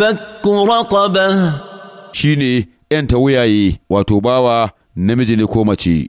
فك رقبه shine ‘yanta wuyaye wato bawa namiji ne ko mace.